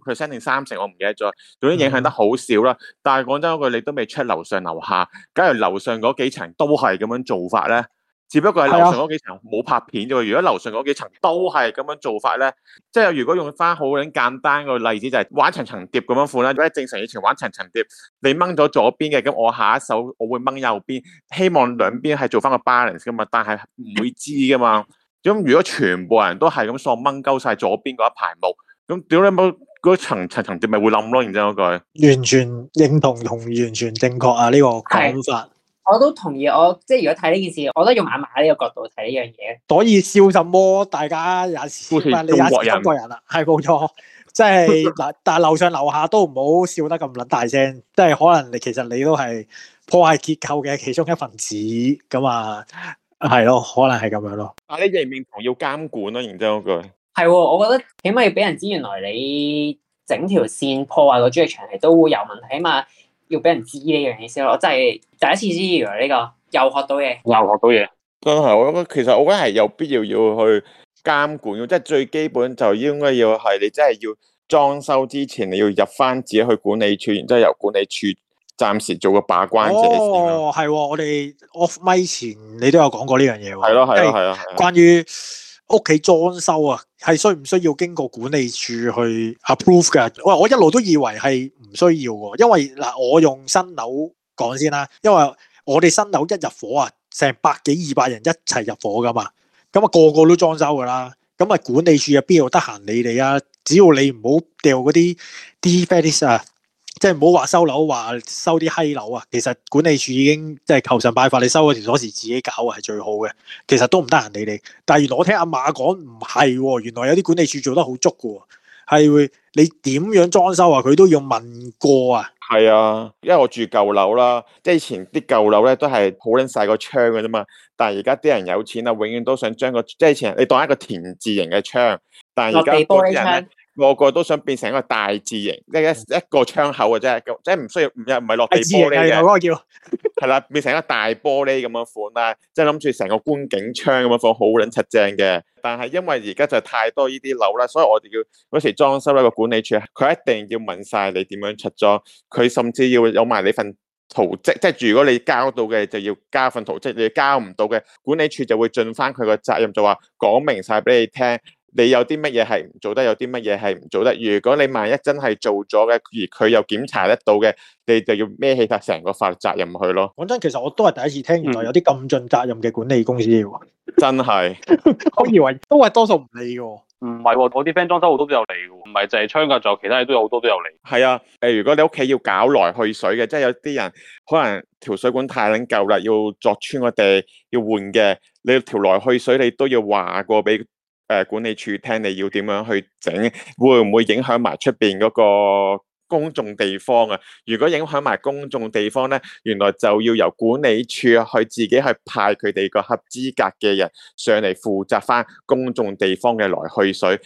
percent 定三成，我唔記得咗。總之影響得好少啦、嗯。但係講真嗰句，你都未 check 樓上樓下。假如樓上嗰幾層都係咁樣做法咧，只不過係樓上嗰幾層冇拍片啫。如果樓上嗰幾層都係咁樣做法咧，即係如果用翻好簡單個例子，就係、是、玩層層疊咁樣款啦。如果正常以前玩層層疊，你掹咗左邊嘅，咁我下一手我會掹右邊，希望兩邊係做翻個 balance 噶嘛。但係唔會知噶嘛。 咁如果全部人都係咁喪掹鳩晒左邊嗰一排木，咁屌你冇嗰層層層疊咪會冧咯？認真嗰句，完全認同同完全正確啊！呢個講法，我都同意。我即係如果睇呢件事，我都用馬馬呢個角度睇呢樣嘢。所以笑什麼，大家也是，你也一個、啊、是中國人啦，係冇錯。即係嗱， 但係樓上樓下都唔好笑得咁撚大聲，即係可能你其實你都係破壞結構嘅其中一份子咁啊！係咯，可能係咁樣咯。但、啊、係你認唔認同要監管咯、啊，然之後佢係，我覺得起碼要俾人知，原來你整條綫破壞到主力牆係都會有問題，起碼要俾人知呢樣嘢先咯。我真係第一次知、啊，原來呢個又學到嘢，又學到嘢。真係，我覺得其實我諗係有必要要去監管，即係最基本就應該要係你真係要裝修之前，你要入翻自己去管理處，然之後由管理處。暫時做個把關者哦，係，我哋 off 麥前你都有講過呢樣嘢喎。係咯，係咯，係咯。關於屋企裝修啊，係需唔需要經過管理處去 approve 嘅？我我一路都以為係唔需要，因為嗱，我用新樓講先啦，因為我哋新樓一入伙啊，成百幾二百人一齊入伙噶嘛，咁啊個個都裝修噶啦，咁啊管理處又邊度得閒理你啊？只要你唔好掉嗰啲 defect 啊。即係唔好話收樓，話收啲閪樓啊！其實管理處已經即係求神拜佛，你收嗰條鎖匙自己搞啊，係最好嘅。其實都唔得閒理你。但係原來我聽阿馬講唔係，原來有啲管理處做得好足嘅，係會你點樣裝修啊？佢都要問過啊。係啊，因為我住舊樓啦，即係以前啲舊樓咧都係好卵曬個窗嘅啫嘛。但係而家啲人有錢啊，永遠都想將個即係以前你當一個田字型嘅窗，但係而家啲人個個都想變成一個大字型，一一個窗口嘅啫，即係唔需要唔又唔係落地玻璃嘅，係啦，變成一個大玻璃咁樣款啦，即係諗住成個觀景窗咁樣款，好撚出正嘅。但係因為而家就太多呢啲樓啦，所以我哋要嗰時裝修一個管理處，佢一定要問晒你點樣出裝，佢甚至要有埋你份圖則，即係如果你交到嘅就要交份圖則，你交唔到嘅管理處就會盡翻佢個責任，就話講明晒俾你聽。你有啲乜嘢係唔做得，有啲乜嘢係唔做得。如果你萬一真係做咗嘅，而佢又檢查得到嘅，你就要孭起曬成個法律責任去咯。講真，其實我都係第一次聽原來有啲咁盡責任嘅管理公司喎。真係，我以為都係多數唔理嘅。唔係喎，我啲 friend 裝修好多都有理嘅，唔係淨係窗架，仲有其他嘢都有好多都有理。係啊，誒，如果你屋企要搞來去水嘅，即係有啲人可能條水管太撚舊啦，要鑿穿個地，要換嘅，你條來去水你都要話過俾。誒、呃，管理處聽你要點樣去整，會唔會影響埋出邊嗰個公眾地方啊？如果影響埋公眾地方咧，原來就要由管理處去自己去派佢哋個合資格嘅人上嚟負責翻公眾地方嘅來去水，而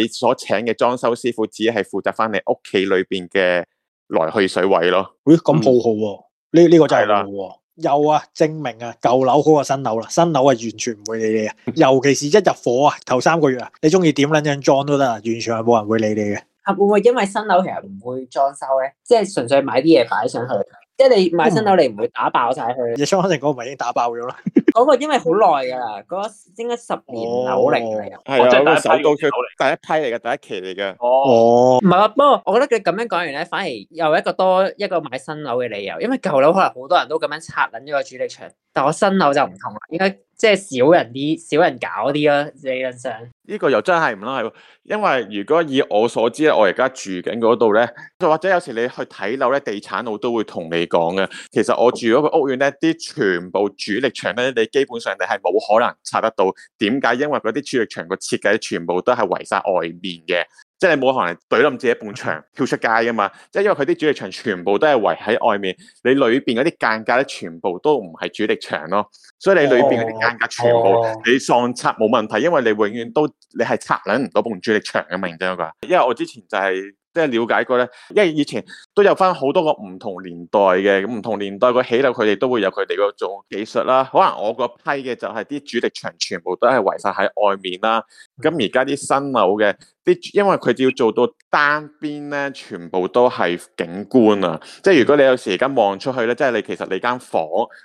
你所請嘅裝修師傅只係負責翻你屋企裏邊嘅來去水位咯。咦，咁好好，啊，喎，呢，嗯，呢，呢個真係好，啊有啊，證明啊，舊樓好過新樓啦，新樓係完全唔會理你嘅，尤其是一入伙啊，頭三個月啊，你中意點撚樣裝都得啦，完全係冇人會理你嘅。會唔會因為新樓其實唔會裝修咧？即係純粹買啲嘢擺上去。即係你買新樓，你唔會打爆晒佢。熱銷肯定嗰個唔係已經打爆咗啦。嗰個 因為好耐㗎啦，嗰、嗰個、應該十年樓齡嚟㗎。係啊、哦，即係買到佢第一批嚟嘅，第一期嚟嘅。哦，唔係啊，不過我覺得佢咁樣講完咧，反而又一個多一個買新樓嘅理由，因為舊樓可能好多人都咁樣拆緊呢個主力牆，但我新樓就唔同啦，應該。即係少人啲，少人搞啲咯，理論上。呢個又真係唔得係，因為如果以我所知咧，我而家住緊嗰度咧，或者有時你去睇樓咧，地產我都會同你講嘅。其實我住嗰個屋苑咧，啲全部主力牆咧，你基本上你係冇可能拆得到。點解？因為嗰啲主力牆個設計全部都係圍晒外面嘅。即係你冇可能隊冧自己一埲牆跳出街噶嘛！即係因為佢啲主力牆全部都係圍喺外面，你裏邊嗰啲間隔咧全部都唔係主力牆咯，所以你裏邊嗰啲間隔全部你喪拆冇問題，因為你永遠都你係拆撚唔到半主力牆，咁明唔明呀？因為我之前就係、是。即係了解過咧，因為以前都有翻好多個唔同年代嘅，咁唔同年代個起樓，佢哋都會有佢哋個種技術啦。可能我個批嘅就係啲主力牆全部都係圍晒喺外面啦。咁而家啲新樓嘅啲，因為佢要做到單邊咧，全部都係景觀啊。即係如果你有時間望出去咧，即係你其實你間房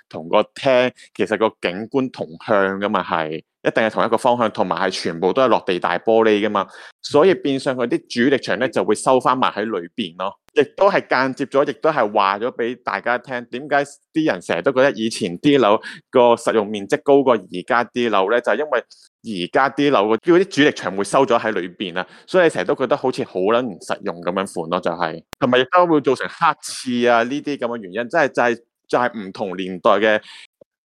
同個廳其實個景觀同向噶嘛係。一定係同一個方向，同埋係全部都係落地大玻璃噶嘛，所以變相佢啲主力牆咧就會收翻埋喺裏邊咯，亦都係間接咗，亦都係話咗俾大家聽，點解啲人成日都覺得以前啲樓個實用面積高過而家啲樓咧，就係、是、因為而家啲樓個，啲主力牆會收咗喺裏邊啊，所以成日都覺得好似好撚唔實用咁樣款咯、就是，就係係咪亦都會造成黑廁啊呢啲咁嘅原因，即係就係、是、就係、是、唔同年代嘅。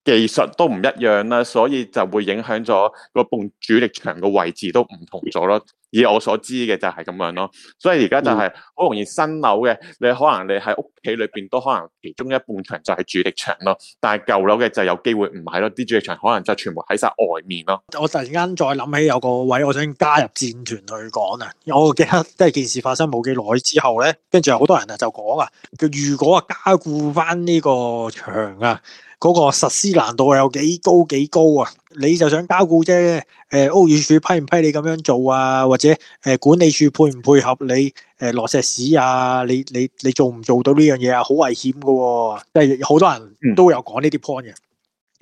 技術都唔一樣啦，所以就會影響咗嗰幅主力牆嘅位置都唔同咗咯。以我所知嘅就係咁樣咯，所以而家就係好容易新樓嘅，你可能你喺屋企裏邊都可能其中一幅牆就係主力牆咯，但係舊樓嘅就有機會唔係咯，啲主力牆可能就全部喺晒外面咯。我突然間再諗起有個位，我想加入戰團去講啊！我記得即係件事發生冇幾耐之後咧，跟住有好多人啊就講啊，叫如果啊加固翻呢個牆啊。嗰、那個實施難度有幾高幾高啊！你就想加固啫？誒、呃，屋宇署批唔批你咁樣做啊？或者、呃、管理處配唔配合你誒、呃、落石屎啊？你你你做唔做到呢樣嘢啊？好危險㗎喎！即係好多人都有講呢啲 point 嘅。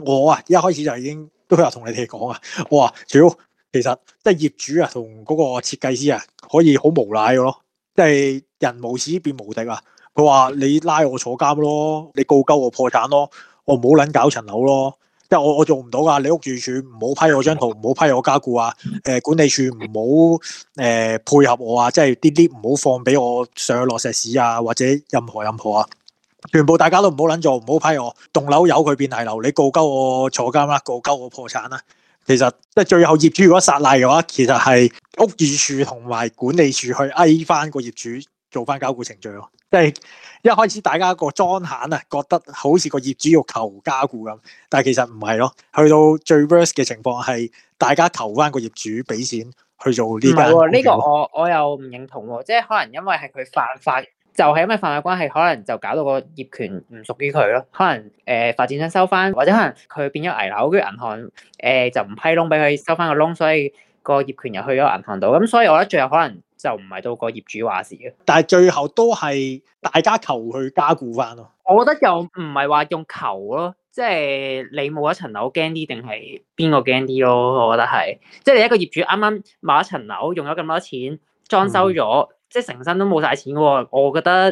我啊，一開始就已經都有同你哋講啊。我話主要其實即係業主啊，同嗰個設計師啊，可以好無賴嘅咯。即、就、係、是、人無恥變無敵啊！佢話你拉我坐監咯，你告鳩我破產咯。我唔好撚搞層樓咯，即係我我做唔到㗎。你屋宇署唔好批我張圖，唔好批我加固啊。誒，管理處唔好誒配合我啊，即係啲啲唔好放俾我上落石屎啊，或者任何任何啊，全部大家都唔好撚做，唔好批我棟樓由佢變泥樓，你告鳩我，我坐監啦，告鳩我，我破產啦。其實即係最後業主如果撒賴嘅話，其實係屋宇署同埋管理處去哀翻個業主做翻加固程序咯。即係一開始大家個裝限啊，覺得好似個業主要求加固咁，但係其實唔係咯。去到最 worst 嘅情況係大家求翻個業主俾錢去做呢個、啊。呢、這個我我又唔認同喎、啊。即係可能因為係佢犯法，就係、是、因為犯法關係，可能就搞到個業權唔屬於佢咯。可能誒、呃、發展商收翻，或者可能佢變咗危樓，跟住銀行誒、呃、就唔批窿俾佢收翻個窿，所以個業權又去咗銀行度。咁所以我覺得最後可能，就唔係到個業主話事嘅，但係最後都係大家求去加固翻咯。我覺得又唔係話用求咯，即係你冇一層樓驚啲，定係邊個驚啲咯？我覺得係，即係你一個業主啱啱買一層樓，用咗咁多錢裝修咗，即係成身都冇晒錢嘅，我覺得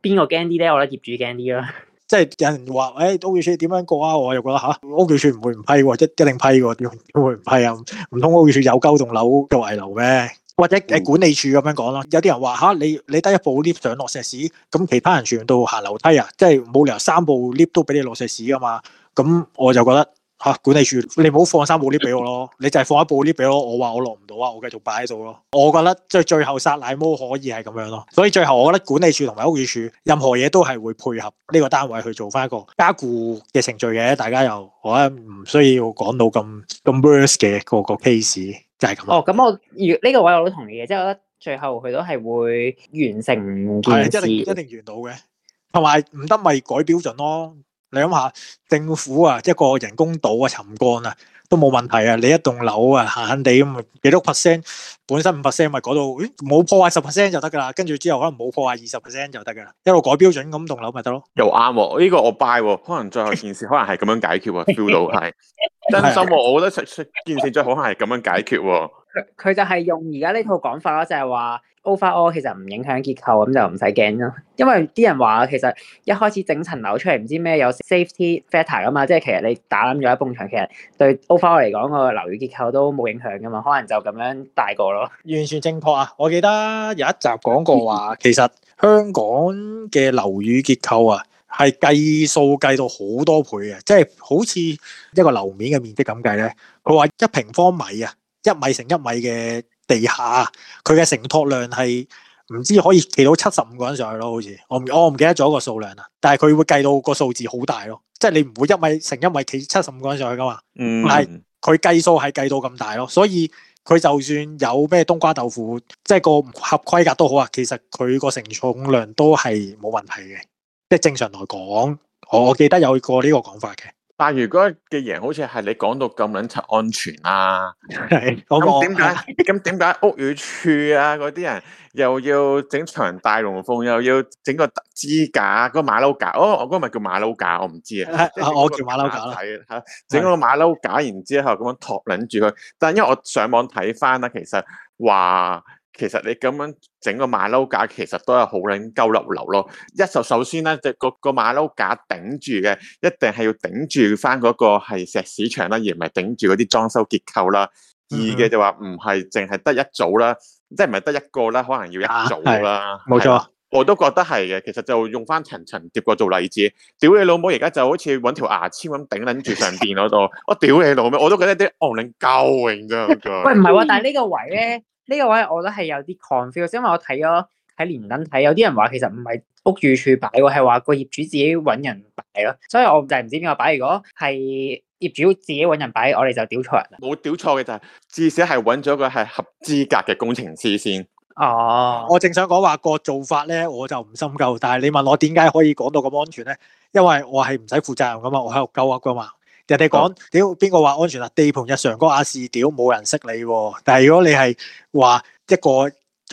邊個驚啲咧？我覺得業主驚啲啦。即係有人話，誒，屋宇署點樣過啊？我又覺得吓，屋宇署唔會唔批，即一定批嘅，點會唔批啊？唔通屋宇署有鳩棟樓做危樓咩？或者誒，管理處咁樣講咯，有啲人話吓，你，你得一部 lift 上落石屎，咁其他人全部都行樓梯，啊，即係冇理由三部 lift 都俾你落石屎噶嘛。咁我就覺得吓，管理處，你唔好放三部 lift 俾我咯，你就係放一部 lift 俾我，我話我落唔到啊，我繼續擺喺度咯。我覺得即係最後殺奶魔可以係咁樣咯。所以最後我覺得管理處同埋屋宇處任何嘢都係會配合呢個單位去做翻一個加固嘅程序嘅。大家又我覺得唔需要講到咁咁 serious 嘅一個 case。哦，咁我呢個位我都同意嘅，即係我覺得最後佢都係會完成件事，一定一定完到嘅。同埋唔得咪改標準咯。你諗下政府啊，一個人工島啊、沉降啊，都冇問題啊。你一棟樓啊，閒閒地咁，幾多 percent？本身五 percent 咪改到，咦，冇破壞十 percent 就得噶啦。跟住之後可能冇破壞二十 percent 就得噶啦。一路改標準，咁棟樓咪得咯。又啱喎，呢個我 buy 喎。可能最後件事可能係咁樣解決啊，feel 到係。真心我覺得出出件事最好係咁樣解決喎。佢就係用而家呢套講法咯，就係、是、話 overall 其實唔影響結構咁就唔使驚咯。因為啲人話其實一開始整層樓出嚟唔知咩有 safety factor 噶嘛，即係其實你打冧咗一埲牆，其實對 overall 嚟講，個樓宇結構都冇影響噶嘛，可能就咁樣大個咯。完全正確啊！我記得有一集講過話， 其實香港嘅樓宇結構啊。係計數計到好多倍嘅，即係好似一個樓面嘅面積咁計咧。佢話一平方米啊，一米乘一米嘅地下，佢嘅承托量係唔知可以企到七十五個人上去咯，好似我我唔記得咗個數量啦。但係佢會計到個數字好大咯，即係你唔會一米乘一米企七十五個人上去噶嘛。嗯，係佢計數係計到咁大咯，所以佢就算有咩冬瓜豆腐，即係個合規格都好啊，其實佢個承重量都係冇問題嘅。即係正常來講，我我記得有過呢個講法嘅。但如果嘅嘢好似係你講到咁撚柒安全啦、啊，我覺點解？咁點解屋宇署啊嗰啲人又要整場大龍鳳，又要整個支架、個馬騮架？哦，我嗰咪叫馬騮架，我唔知啊、就是。我叫馬騮架。係嚇，整個馬騮架然之後咁樣托撚住佢。但係因為我上網睇翻啦，其實話。其實你咁樣整個馬騮架，其實都係好撚鳩流流咯。一就首先咧，即、那、係個馬騮架頂住嘅，一定係要頂住翻嗰個係石屎牆啦，而唔係頂住嗰啲裝修結構啦。二、嗯、嘅就話唔係淨係得一組啦，即係唔係得一個啦，可能要一組啦。冇、啊、錯，我都覺得係嘅。其實就用翻層層疊過做例子，屌 你老母！而家就好似搵條牙籤咁頂捻住上邊嗰度， 我屌你老母，我都覺得啲傲撚鳩勁真 喂，唔係喎，但係呢個位咧。呢、這個位我都係有啲 confuse，即係因為我睇咗喺連登睇，有啲人話其實唔係屋宇署擺，係話個業主自己搵人擺咯，所以我就係唔知邊個擺。如果係業主自己搵人擺，我哋就屌錯人啦。冇屌錯嘅就係至少係揾咗個係合資格嘅工程師先。哦，我正想講話、那個做法咧，我就唔深究，但係你問我點解可以講到咁安全咧？因為我係唔使負責任㗎嘛，我喺度鳩噏㗎嘛。人哋講，屌邊個話安全啊？地盤日常哥阿士屌，冇人識你喎、啊。但係如果你係話一個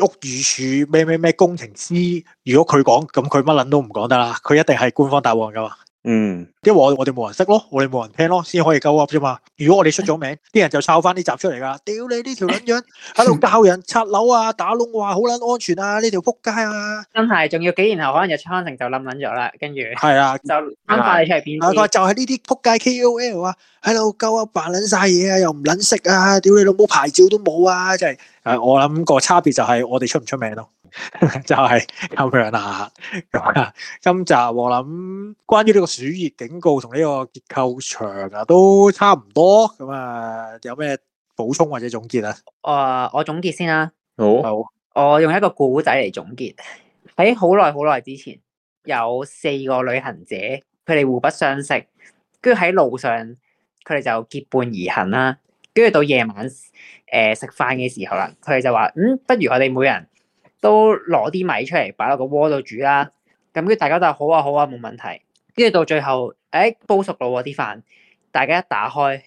屋宇署咩咩咩工程師，如果佢講，咁佢乜撚都唔講得啦。佢一定係官方答案㗎嘛。.嗯，因為我我哋冇人識咯，我哋冇人聽咯，先可以救啊啫嘛。如果我哋出咗名，啲人就抄翻啲集出嚟噶。屌你呢條撚樣，喺度教人拆樓啊，打窿啊，好撚安全啊，呢條撲街啊！真係，仲要幾年後可能日出康城就冧捻咗啦。跟住係啊，就分化出嚟變。啊，佢話就係呢啲撲街 KOL 啊，喺度救啊扮捻晒嘢啊，又唔捻食啊，屌你老母牌照都冇啊，真係。誒，我諗個差別就係我哋出唔出名咯。 就係咁樣啦，咁啊，今集我諗關於呢個暑熱警告同呢個結構牆啊，都差唔多咁啊，有咩補充或者總結啊？誒、呃，我總結先啦，好，我用一個古仔嚟總結。喺好耐好耐之前，有四個旅行者，佢哋互不相識，跟住喺路上，佢哋就結伴而行啦。跟住到夜晚誒食飯嘅時候啦，佢哋就話嗯，不如我哋每人。都攞啲米出嚟擺落個鍋度煮啦，啊，咁跟住大家就話好啊好啊，冇問題，跟住到最後，誒、欸、煲熟咯嗰啲飯，大家一打開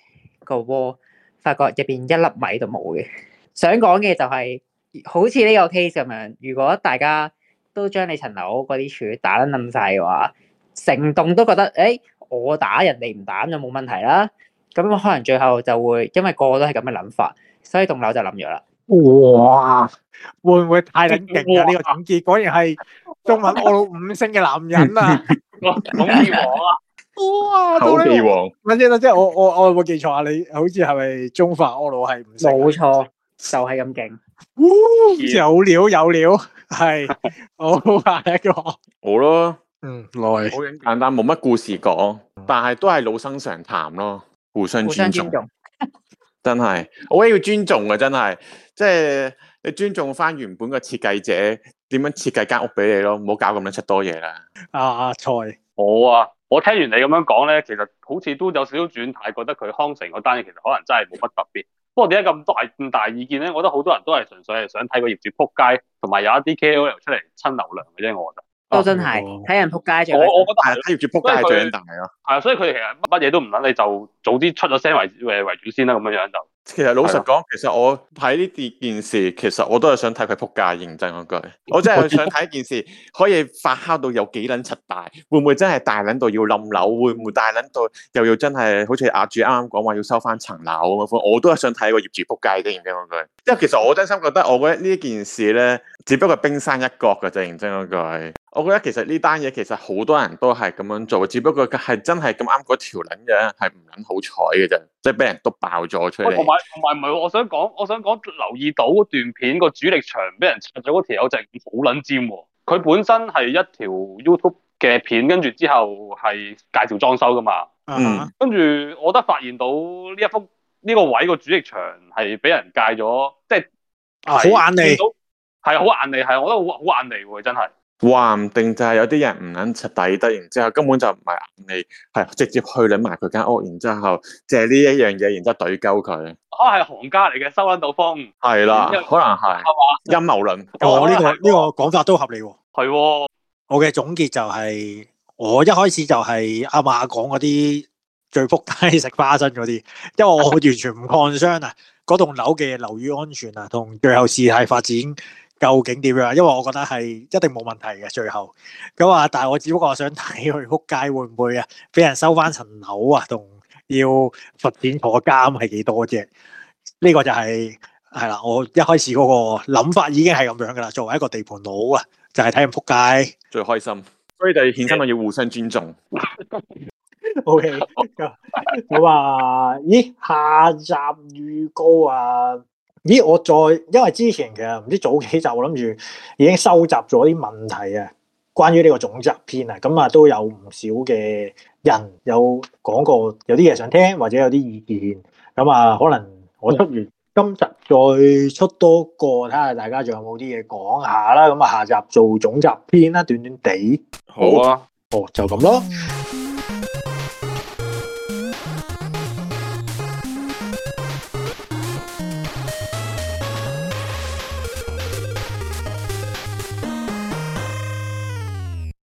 個鍋，發覺入邊一粒米都冇嘅。想講嘅就係、是、好似呢個 case 咁樣，如果大家都將你層樓嗰啲柱打得冧晒嘅話，成棟都覺得誒、欸、我打人哋唔打就冇問題啦，咁可能最後就會因為個個都係咁嘅諗法，所以棟樓就冧咗啦。哇！會唔會太頂勁啊？呢個總結果然係中文卧龍五星嘅男人啊！口鼻王啊！哇！口鼻王，等陣啦，即係我我我有冇記錯啊？你好似係咪中法卧龍係五星？冇錯，就係咁勁！有料有料，係好下一個。好咯，嗯，來，好簡單，冇乜故事講，但係都係老生常談咯，互相尊重。真係，我都要尊重嘅。真係，即係你尊重翻原本個設計者點樣設計間屋俾你咯，唔好搞咁樣出多嘢啦。阿、啊、蔡，我啊，我聽完你咁樣講咧，其實好似都有少少轉態，覺得佢康城嗰單嘢其實可能真係冇乜特別。不過點解咁大咁大意見咧？我覺得好多人都係純粹係想睇個業主扑街，同埋有一啲 KOL 出嚟親流量嘅啫，我覺得。都真係睇人仆街啫，我我覺得係啊，睇業主仆街最大咯。係啊，所以佢其實乜嘢都唔卵，你就早啲出咗聲為為主先啦，咁樣樣就。其實老實講，其實我睇呢啲件事，其實我都係想睇佢仆街認真嗰句。我真係想睇件事可以發酵到有幾卵七大，會唔會真係大卵到要冧樓？會唔會大卵到又要真係好似阿柱啱啱講話要收翻層樓咁？我都係想睇個業主仆街先，認真嗰句。因為其實我真心覺得，我覺得呢件事咧，只不過冰山一角噶啫。認真講句，我覺得其實呢單嘢其實好多人都係咁樣做，只不過係真係咁啱嗰條捻嘅，係唔捻好彩嘅啫，即係俾人督爆咗出嚟。同埋唔係唔係，我想講，我想講留意到嗰段片個主力牆俾人拆咗嗰條友，就好捻尖喎。佢本身係一條 YouTube 嘅片，跟住之後係介紹裝修噶嘛。嗯。跟住，我都發現到呢一幅。呢、這個位個主力牆係俾人戒咗，即係好眼利，係好眼利，係我覺得好好眼利喎，真係。話唔定就係有啲人唔肯底得，然之後根本就唔係眼利，係直接去諗埋佢間屋，然之後借呢一樣嘢，然之後懟鳩佢。哦，係行家嚟嘅收銀到風。係啦，可能係。係嘛？陰謀論。哦，呢個呢個講法都合理喎。係喎。我嘅總結就係、是，我一開始就係阿馬講嗰啲。最撲街食花生嗰啲，因為我完全唔關心啊，嗰 棟樓嘅樓宇安全啊，同最後事態發展究竟點樣？因為我覺得係一定冇問題嘅，最後咁啊。但係我只不過想睇佢撲街會唔會啊，俾人收翻層樓啊，同要發展坐監係幾多啫？呢、這個就係係啦，我一開始嗰個諗法已經係咁樣噶啦。作為一個地盤佬啊，就係睇人撲街最開心。所以就衍生到要互相尊重。 O.K. 咁啊，咦，下集預告啊，咦，我再因為之前其實唔知早幾集，我諗住已經收集咗啲問題啊，關於呢個總集篇啊，咁啊都有唔少嘅人有講過，有啲嘢想聽或者有啲意見，咁啊可能我出完今集再出多個，睇下大家仲有冇啲嘢講下啦，咁啊下集做總集篇啦，短短哋，好啊，哦，就咁咯。